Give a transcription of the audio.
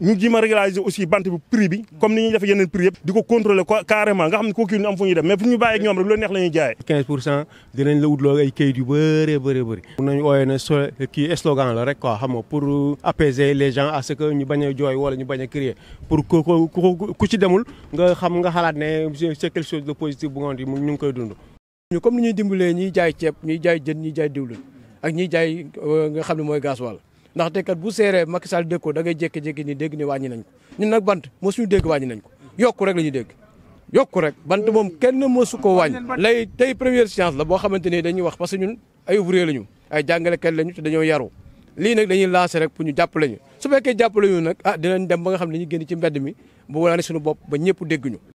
ñu ji régulariser aussi bande bi prix bi comme ni ñuy defee prix yëpp di contrôler carrément nga xam ko kooku ñu am fuñu dem mais fuñu baye ak ñom rek lo neex la jaay 15 dinañ la wut loolu ay kayit yu bëree bëri bëri mun nañu né ne so slogan la rek quoi xam nga pour apaiser les gens à ce que ñu bañ joy wala ñu bañ créer pour ku ku ci demul nga xam nga xalat né c'est quelque chose de positif bu nga ñu koy dund ñu comme ni ñuy dimbalee ñiy jaay ciép ñi jaay jën ñi jaay diwlu ak ñi jaay euh, nga xamni moy gasoil ndaxte kat bu seeree Macky Sall dégg ko da ngay jékki-jékki ni dégg ni wàññi nañ ko ñun nag bant mosuñu dégg wàññi nañ ko yokku rek la ñu dégg yokku rek bant moom kenn mosu ko wàññ lay tey première séance la boo xamante ni dañuy wax parce que ñun ay ouvrier lañu ay jàngalekat lañu te dañoo yaru lii nag dañuy lancé rek pour ñu jàppale ñu su fekkee jàppale ñu nag ah dinañ dem ba nga xam ne dañuy génn ci mbedd mi bu wala ne suñu bopp ba ñëpp dégg